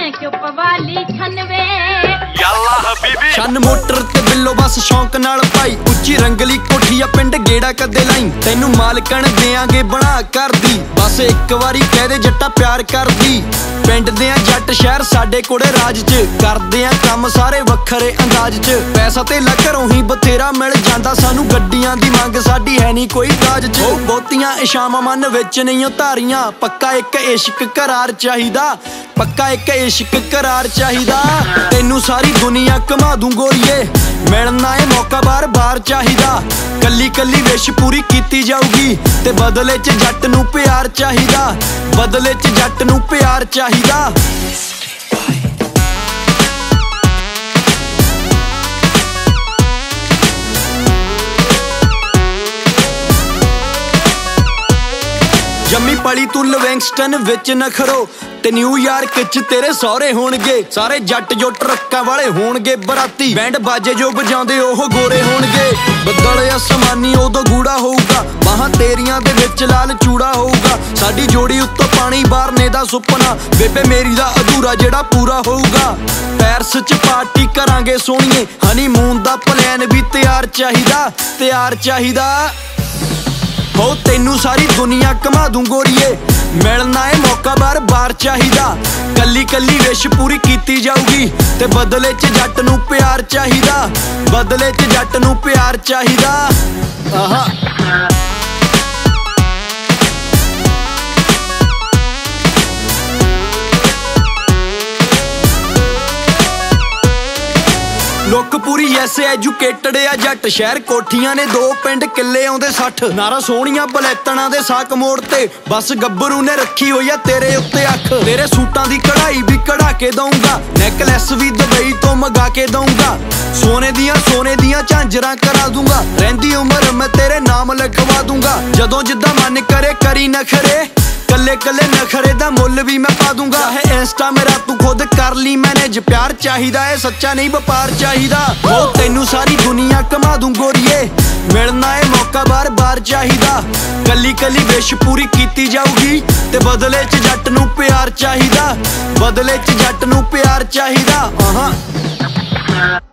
ਮੈਂ ਚੁੱਪ ਵਾਲੀ 96 ਯਾਲਾ ਹਬੀਬੀ ਛੰਨ ਮੋਟਰ ਤੇ ਬਿੱਲੋ ਬਸ ਸ਼ੌਂਕ ਨਾਲ ਪਾਈ ਉੱਚੀ ਰੰਗਲੀ ਕੋਠੀ ਆ ਪਿੰਡ ਗੇੜਾ ਕਦੇ ਲਾਈ ਤੈਨੂੰ ਮਾਲਕਣ ਦੇਾਂਗੇ ਬਣਾ ਕਰਦੀ ਬਸ ਇੱਕ ਵਾਰੀ ਕਹਿ ਦੇ ਜੱਟਾ ਪਿਆਰ ਕਰਦੀ ਪਿੰਡ ਦੇ ਆ ਜੱਟ ਸ਼ਹਿਰ ਸਾਡੇ ਕੋਲੇ ਰਾਜ 'ਚ ਕਰਦੇ ਆ ਕੰਮ ਸਾਰੇ ਵੱਖਰੇ ਅੰਦਾਜ਼ 'ਚ ਪੈਸਾ ਤੇ ਲੱਕਰੋਂ ਹੀ ਬਥੇਰਾ ਮਿਲ ਜਾਂਦਾ ਸਾਨੂੰ ਗੱਡੀਆਂ ਦੀ ਮੰਗ ਸਾਡੀ ਹੈ ਨਹੀਂ ਕੋਈ ਰਾਜ 'ਚ ਬੋਤੀਆਂ ਇਸ਼ਾਵਾਂ ਮਨ ਵਿੱਚ ਨਹੀਂ ਉਤਾਰੀਆਂ ਪੱਕਾ ਇੱਕ ਇਸ਼ਕ ਕਰਾਰ ਚਾਹੀਦਾ ਪੱਕਾ ਇੱਕ ਇਸ਼ਕ ਕਰਾਰ ਚਾਹੀਦਾ ਤੈਨੂੰ ਸਾਰੀ ਦੁਨੀਆ ਕਮਾ ਦੂੰ ਗੋਰੀਏ ਮਿਲਣਾ ਏ ਮੌਕਾ ਬਾਰ-ਬਾਰ ਚਾਹੀਦਾ ਕੱਲੀ ਕੱਲੀ ਵਿਸ਼ ਪੂਰੀ ਕੀਤੀ ਜਾਊਗੀ ਤੇ ਬਦਲੇ 'ਚ ਜੱਟ ਨੂੰ ਪਿਆਰ ਚਾਹੀਦਾ ਬਦਲੇ 'ਚ ਜੱਟ ਨੂੰ ਪਿਆਰ ਚਾਹੀਦਾ ਜੰਮੀ ਪੜੀ ਤੂੰ ਲਵੈਂਗਸਟਨ ਵਿੱਚ ਨਖਰੋ ਤੇ ਨਿਊਯਾਰਕ 'ਚ ਤੇਰੇ ਸਹੁਰੇ ਹੋਣਗੇ ਸਾਰੇ ਜੱਟ ਜੋ ਟਰੱਕਾਂ ਵਾਲੇ ਹੋਣਗੇ ਬਰਾਤੀ ਬੈਂਡ ਬਾਜੇ ਜੋ ਵਜਾਉਂਦੇ ਉਹ ਗੋਰੇ ਹੋਣਗੇ ਬੱਦਲ ਅਸਮਾਨੀ ਉਦੋਂ ਗੂੜਾ ਹੋਊਗਾ ਬਾਹਾਂ ਤੇਰੀਆਂ ਦੇ ਵਿੱਚ ਲਾਲ ਚੂੜਾ ਹੋਊਗਾ ਸਾਡੀ ਜੋੜੀ ਉੱਤੋਂ ਪਾਣੀ ਬਾਰਨੇ ਦਾ ਸੁਪਨਾ ਬੇਬੇ ਮੇਰੀ ਦਾ ਅਧੂਰਾ ਜਿਹੜਾ ਪੂਰਾ ਹੋਊਗਾ ਪੈਰਸ ਚ ਪਾਰਟੀ ਕਰਾਂਗੇ ਸੋਹਣੀਏ ਹਨੀਮੂਨ ਦਾ ਪਲਾਨ ਵੀ ਤਿਆਰ ਚਾਹੀਦਾ ਤਿਆਰ ਚਾਹੀਦਾ ਹੋ ਤੈਨੂੰ ਸਾਰੀ ਦੁਨੀਆ ਕਮਾ ਦੂੰ ਗੋਰੀਏ ਮਿਲਣਾ ਏ ਮੌਕਾ ਬਾਰ-ਬਾਰ ਚਾਹੀਦਾ ਕੱਲੀ ਕੱਲੀ ਵਿਸ਼ ਪੂਰੀ ਕੀਤੀ ਜਾਊਗੀ ਤੇ ਬਦਲੇ 'ਚ ਜੱਟ ਨੂੰ ਪਿਆਰ ਚਾਹੀਦਾ ਬਦਲੇ 'ਚ ਜੱਟ ਨੂੰ ਪਿਆਰ ਚਾਹੀਦਾ ਆਹਾ ਲੁੱਕ ਪੂਰੀ ਐਸ ਐਜੂਕੇਟਡ ਆ ਜੱਟ ਸ਼ਹਿਰ ਕੋਠੀਆਂ ਨੇ ਦੋ ਪਿੰਡ ਕਿੱਲੇ ਆਉਂਦੇ 60 ਨਾਰਾ ਸੋਹਣੀਆਂ ਬਲੈਤਣਾ ਦੇ ਸਾਕ ਮੋੜ ਤੇ ਬਸ ਗੱਬਰੂ ਨੇ ਰੱਖੀ ਹੋਈ ਆ ਤੇਰੇ ਉੱਤੇ ਅੱਖ ਤੇਰੇ ਸੂਟਾਂ ਦੀ ਕਢਾਈ ਵੀ ਕਢਾ ਕੇ ਦਊਂਗਾ ਨੈਕਲੈਸ ਵੀ ਦੁਬਈ ਤੋਂ ਮਗਾ ਕੇ ਦਊਂਗਾ ਸੋਨੇ ਦੀਆਂ ਸੋਨੇ ਦੀਆਂ ਝਾਂਜਰਾਂ ਕਰਾ ਦੂੰਗਾ ਰਹਿੰਦੀ ਉਮਰ ਮੈਂ ਤੇਰੇ ਨਾਮ ਲਿਖਵਾ ਦੂੰਗਾ ਜਦੋਂ ਜਿੱਦਾਂ ਮਨ ਕਰੇ ਕਰੀ ਨਖਰੇ ਕੱਲੇ ਕੱਲੇ ਨਖਰੇ ਦਾ ਮੁੱਲ ਵੀ ਮੈਂ ਪਾ ਦੂੰਗਾ ਚਾਹੇ ਇੰਸਟਾ ਮੇਰਾ ਤੂੰ ਖੁਦ ਕਰ ਲਈ ਮੈਨੇਜ ਪਿਆਰ ਚਾਹੀਦਾ ਏ ਸੱਚਾ ਨਹੀਂ ਵਪਾਰ ਚਾਹੀਦਾ ਉਹ ਤੈਨੂੰ ਸਾਰੀ ਦੁਨੀਆ ਕਮਾ ਦੂੰ ਗੋਰੀਏ ਮਿਲਣਾ ਏ ਮੌਕਾ ਬਾਰ-ਬਾਰ ਚਾਹੀਦਾ ਕੱਲੀ ਕੱਲੀ ਵਿਸ਼ ਪੂਰੀ ਕੀਤੀ ਜਾਊਗੀ ਤੇ ਬਦਲੇ 'ਚ ਜੱਟ ਨੂੰ ਪਿਆਰ ਚਾਹੀਦਾ ਬਦਲੇ 'ਚ ਜੱਟ ਨੂੰ ਪਿਆਰ ਚਾਹੀਦਾ ਆਹਾਂ